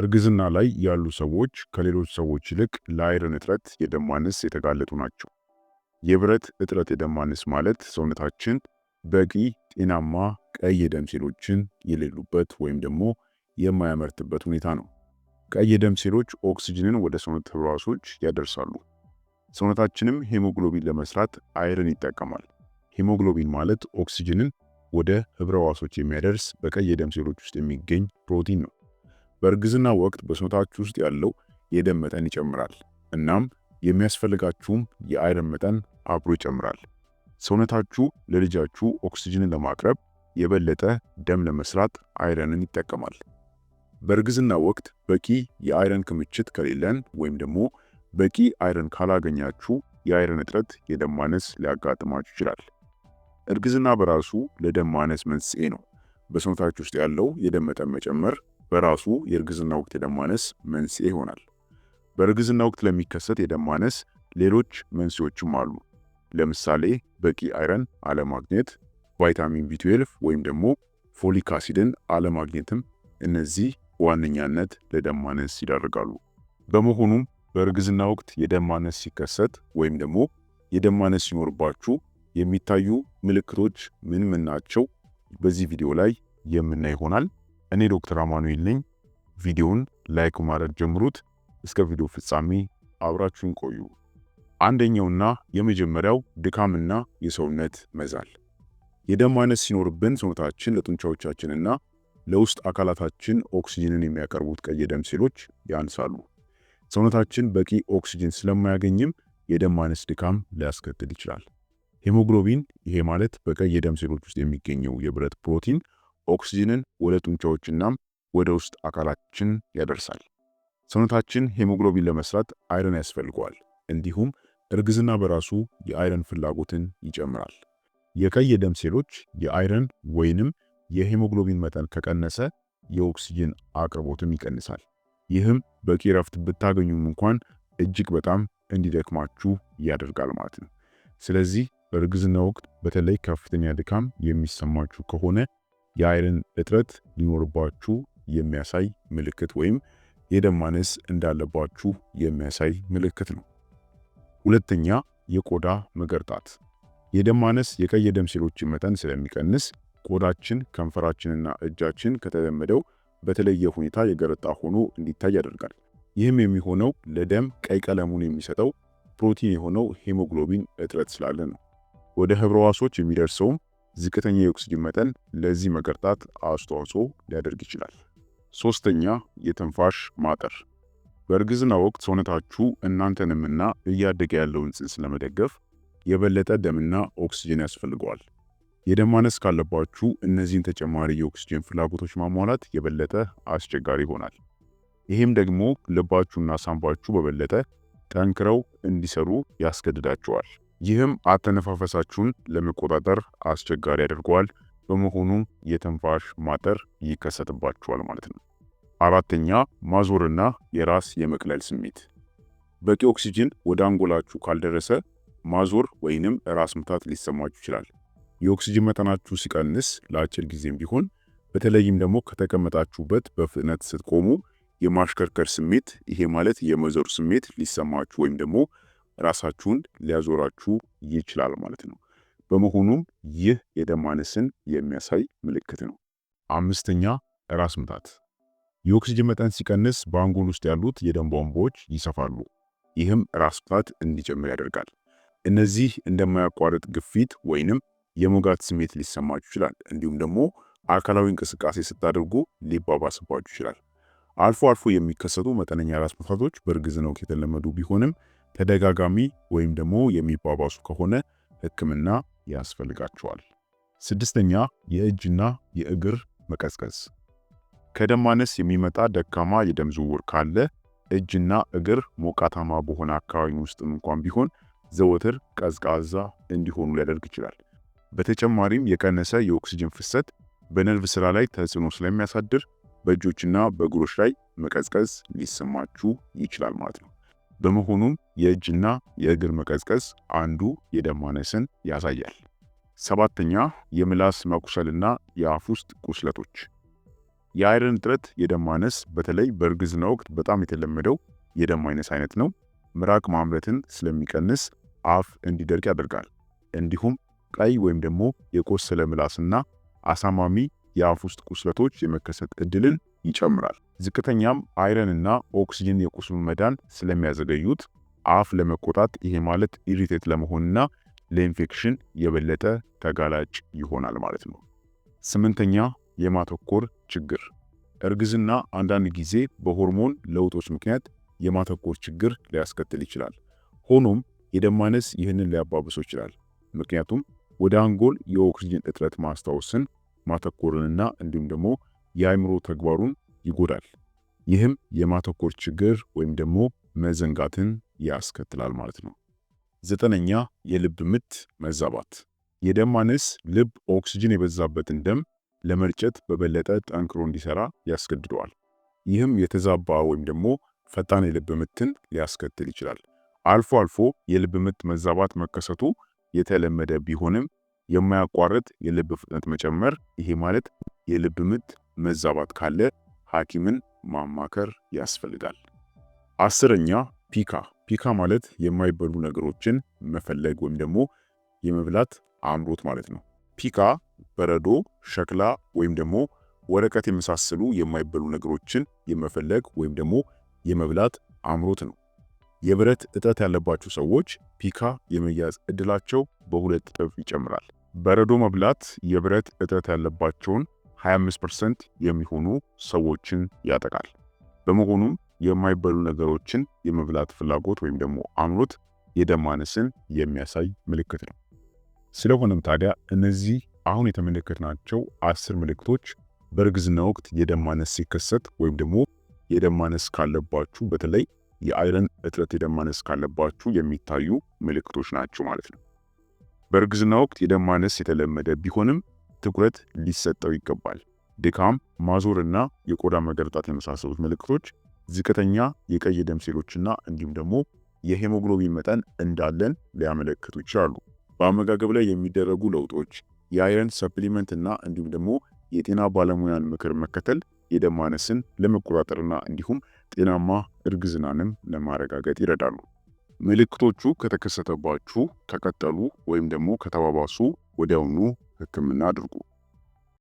እርግዝና ላይ ያሉ ሰዎች ከሌሎች ሰዎች ይልቅ ለአይረን እጥረት የደም ማነስ የተጋለጡ ናቸው። የብረት እጥረት የደም ማነስ ማለት ሰውነታችን በቂ ጤናማ ቀይ የደም ሴሎችን የሌሉበት ወይም ደግሞ የማያመርትበት ሁኔታ ነው። ቀይ የደም ሴሎች ኦክስጅንን ወደ ሰውነት ህብረዋሶች ያደርሳሉ። ሰውነታችንም ሄሞግሎቢን ለመስራት አይረን ይጠቀማል። ሄሞግሎቢን ማለት ኦክስጅንን ወደ ህብረዋሶች የሚያደርስ በቀይ የደም ሴሎች ውስጥ የሚገኝ ፕሮቲን ነው። በእርግዝና ወቅት በሰውነታችሁ ውስጥ ያለው የደም መጠን ይጨምራል። እናም የሚያስፈልጋችሁም የአይረን መጠን አብሮ ይጨምራል። ሰውነታችሁ ለልጃችሁ ኦክስጅንን ለማቅረብ የበለጠ ደም ለመስራት አይረንን ይጠቀማል። በእርግዝና ወቅት በቂ የአይረን ክምችት ከሌለን ወይም ደግሞ በቂ አይረን ካላገኛችሁ የአይረን እጥረት የደም ማነስ ሊያጋጥማችሁ ይችላል። እርግዝና በራሱ ለደም ማነስ መንስኤ ነው። በሰውነታችሁ ውስጥ ያለው የደም መጠን መጨመር በራሱ የእርግዝና ወቅት የደም ማነስ መንስኤ ይሆናል። በእርግዝና ወቅት ለሚከሰት የደም ማነስ ሌሎች መንስኤዎችም አሉ። ለምሳሌ በቂ አይረን አለማግኘት፣ ቫይታሚን ቢ12 ወይም ደግሞ ፎሊክ አሲድን አለማግኘትም እነዚህ ዋነኛነት ለደም ማነስ ይዳርጋሉ። በመሆኑም በእርግዝና ወቅት የደም ማነስ ሲከሰት ወይም ደግሞ የደም ማነስ ሲኖርባችሁ የሚታዩ ምልክቶች ምን ምን ናቸው? በዚህ ቪዲዮ ላይ የምናይ ይሆናል። እኔ ዶክተር አማኑኤል ነኝ። ቪዲዮውን ላይክ ማድረግ ጀምሩት። እስከ ቪዲዮ ፍጻሜ አብራችሁን ቆዩ። አንደኛውና የመጀመሪያው ድካምና የሰውነት መዛል። የደም ማነስ ሲኖርብን ሰውነታችን ለጡንቻዎቻችንና ለውስጥ አካላታችን ኦክሲጅንን የሚያቀርቡት ቀይ ደም ሴሎች ያንሳሉ። ሰውነታችን በቂ ኦክሲጅን ስለማያገኝም የደም ማነስ ድካም ሊያስከትል ይችላል። ሄሞግሎቢን ይሄ ማለት በቀይ የደም ሴሎች ውስጥ የሚገኘው የብረት ፕሮቲን ኦክሲጅንን ወደ ጡንቻዎችና ወደ ውስጥ አካላችን ያደርሳል። ሰውነታችን ሄሞግሎቢን ለመስራት አይረን ያስፈልገዋል። እንዲሁም እርግዝና በራሱ የአይረን ፍላጎትን ይጨምራል። የቀይ የደም ሴሎች የአይረን ወይንም የሄሞግሎቢን መጠን ከቀነሰ የኦክሲጅን አቅርቦትም ይቀንሳል። ይህም በቂ ረፍት ብታገኙም እንኳን እጅግ በጣም እንዲደክማችሁ ያደርጋል ማለት ነው። ስለዚህ በእርግዝና ወቅት በተለይ ከፍተኛ ድካም የሚሰማችሁ ከሆነ የአይረን እጥረት ሊኖርባችሁ የሚያሳይ ምልክት ወይም የደም ማነስ እንዳለባችሁ የሚያሳይ ምልክት ነው። ሁለተኛ የቆዳ መገርጣት። የደም ማነስ የቀይ የደም ሴሎችን መጠን ስለሚቀንስ ቆዳችን፣ ከንፈራችንና እጃችን ከተለመደው በተለየ ሁኔታ የገረጣ ሆኖ እንዲታይ ያደርጋል። ይህም የሚሆነው ለደም ቀይ ቀለሙን የሚሰጠው ፕሮቲን የሆነው ሄሞግሎቢን እጥረት ስላለ ነው። ወደ ህብረ ሕዋሶች የሚደርሰውም ዝቅተኛ የኦክሲጅን መጠን ለዚህ መገርጣት አስተዋጽኦ ሊያደርግ ይችላል። ሶስተኛ የትንፋሽ ማጠር። በእርግዝና ወቅት ሰውነታችሁ እናንተንምና እያደገ ያለውን ጽንስ ለመደገፍ የበለጠ ደምና ኦክሲጅን ያስፈልገዋል። የደም ማነስ ካለባችሁ እነዚህን ተጨማሪ የኦክሲጅን ፍላጎቶች ማሟላት የበለጠ አስቸጋሪ ይሆናል። ይህም ደግሞ ልባችሁና ሳንባችሁ በበለጠ ጠንክረው እንዲሰሩ ያስገድዳቸዋል። ይህም አተነፋፈሳችሁን ለመቆጣጠር አስቸጋሪ ያደርገዋል። በመሆኑም የተንፋሽ ማጠር ይከሰትባችኋል ማለት ነው። አራተኛ ማዞርና የራስ የመቅለል ስሜት። በቂ ኦክሲጅን ወደ አንጎላችሁ ካልደረሰ ማዞር ወይንም ራስ ምታት ሊሰማችሁ ይችላል። የኦክሲጅን መጠናችሁ ሲቀንስ ለአጭር ጊዜም ቢሆን በተለይም ደግሞ ከተቀመጣችሁበት በፍጥነት ስትቆሙ የማሽከርከር ስሜት፣ ይሄ ማለት የመዞር ስሜት ሊሰማችሁ ወይም ደግሞ ራሳችሁን ሊያዞራችሁ ይችላል ማለት ነው። በመሆኑም ይህ የደም ማነስን የሚያሳይ ምልክት ነው። አምስተኛ ራስ ምታት። የኦክስጅን መጠን ሲቀንስ በአንጎል ውስጥ ያሉት የደም ቧንቧዎች ይሰፋሉ። ይህም ራስ ምታት እንዲጨምር ያደርጋል። እነዚህ እንደማያቋርጥ ግፊት ወይንም የሞጋት ስሜት ሊሰማችሁ ይችላል። እንዲሁም ደግሞ አካላዊ እንቅስቃሴ ስታደርጉ ሊባባስባችሁ ይችላል። አልፎ አልፎ የሚከሰቱ መጠነኛ ራስ ምታቶች በእርግዝና ወቅት የተለመዱ ቢሆንም ተደጋጋሚ ወይም ደግሞ የሚባባሱ ከሆነ ህክምና ያስፈልጋቸዋል። ስድስተኛ የእጅና የእግር መቀዝቀዝ። ከደም ማነስ የሚመጣ ደካማ የደም ዝውውር ካለ እጅና እግር ሞቃታማ በሆነ አካባቢ ውስጥም እንኳን ቢሆን ዘወትር ቀዝቃዛ እንዲሆኑ ሊያደርግ ይችላል። በተጨማሪም የቀነሰ የኦክስጅን ፍሰት በነርቭ ስራ ላይ ተጽዕኖ ስለሚያሳድር በእጆችና በእግሮች ላይ መቀዝቀዝ ሊሰማችሁ ይችላል ማለት ነው። በመሆኑም የእጅና የእግር መቀዝቀዝ አንዱ የደም ማነስን ያሳያል። ሰባተኛ የምላስ መቁሰልና የአፍ ውስጥ ቁስለቶች። የአይረን እጥረት የደም ማነስ በተለይ በእርግዝና ወቅት በጣም የተለመደው የደም ማነስ አይነት ነው። ምራቅ ማምረትን ስለሚቀንስ አፍ እንዲደርቅ ያደርጋል። እንዲሁም ቀይ ወይም ደግሞ የቆሰለ ምላስና አሳማሚ የአፍ ውስጥ ቁስለቶች የመከሰት እድልን ይጨምራል። ዝቅተኛም አይረንና ኦክስጅን የቁስሉ መዳን ስለሚያዘገዩት አፍ ለመቆጣት ይሄ ማለት ኢሪቴት ለመሆንና ለኢንፌክሽን የበለጠ ተጋላጭ ይሆናል ማለት ነው። ስምንተኛ የማተኮር ችግር። እርግዝና አንዳንድ ጊዜ በሆርሞን ለውጦች ምክንያት የማተኮር ችግር ሊያስከትል ይችላል። ሆኖም የደም ማነስ ይህንን ሊያባብሶ ይችላል። ምክንያቱም ወደ አንጎል የኦክስጅን እጥረት ማስታወስን ማተኮርንና እንዲሁም ደግሞ የአእምሮ ተግባሩን ይጎዳል። ይህም የማተኮር ችግር ወይም ደግሞ መዘንጋትን ያስከትላል ማለት ነው። ዘጠነኛ የልብ ምት መዛባት። የደም ማነስ ልብ ኦክስጅን የበዛበትን ደም ለመርጨት በበለጠ ጠንክሮ እንዲሰራ ያስገድደዋል። ይህም የተዛባ ወይም ደግሞ ፈጣን የልብ ምትን ሊያስከትል ይችላል። አልፎ አልፎ የልብ ምት መዛባት መከሰቱ የተለመደ ቢሆንም የማያቋርጥ የልብ ፍጥነት መጨመር፣ ይሄ ማለት የልብ ምት መዛባት ካለ ሐኪምን ማማከር ያስፈልጋል። አስረኛ ፒካ። ፒካ ማለት የማይበሉ ነገሮችን መፈለግ ወይም ደግሞ የመብላት አምሮት ማለት ነው። ፒካ በረዶ፣ ሸክላ ወይም ደግሞ ወረቀት የመሳሰሉ የማይበሉ ነገሮችን የመፈለግ ወይም ደግሞ የመብላት አምሮት ነው። የብረት እጠት ያለባቸው ሰዎች ፒካ የመያዝ እድላቸው በሁለት እጥፍ ይጨምራል። በረዶ መብላት የብረት እጠት ያለባቸውን 25% የሚሆኑ ሰዎችን ያጠቃል። በመሆኑም የማይበሉ ነገሮችን የመብላት ፍላጎት ወይም ደግሞ አምሮት የደም ማነስን የሚያሳይ ምልክት ነው። ስለሆነም ታዲያ እነዚህ አሁን የተመለከትናቸው አስር ምልክቶች በእርግዝና ወቅት የደም ማነስ ሲከሰት ወይም ደግሞ የደም ማነስ ካለባችሁ በተለይ የአይረን እጥረት የደም ማነስ ካለባችሁ የሚታዩ ምልክቶች ናቸው ማለት ነው። በእርግዝና ወቅት የደም ማነስ የተለመደ ቢሆንም ትኩረት ሊሰጠው ይገባል። ድካም፣ ማዞር እና የቆዳ መገርጣት የመሳሰሉት ምልክቶች ዝቅተኛ የቀይ ደም ሴሎችና እንዲሁም ደግሞ የሄሞግሎቢን መጠን እንዳለን ሊያመለክቱ ይችላሉ። በአመጋገብ ላይ የሚደረጉ ለውጦች፣ የአይረን ሰፕሊመንት እና እንዲሁም ደግሞ የጤና ባለሙያን ምክር መከተል የደም ማነስን ለመቆጣጠርና እንዲሁም ጤናማ እርግዝናንም ለማረጋገጥ ይረዳሉ። ምልክቶቹ ከተከሰተባችሁ ከቀጠሉ ወይም ደግሞ ከተባባሱ ወዲያውኑ ህክምና አድርጉ።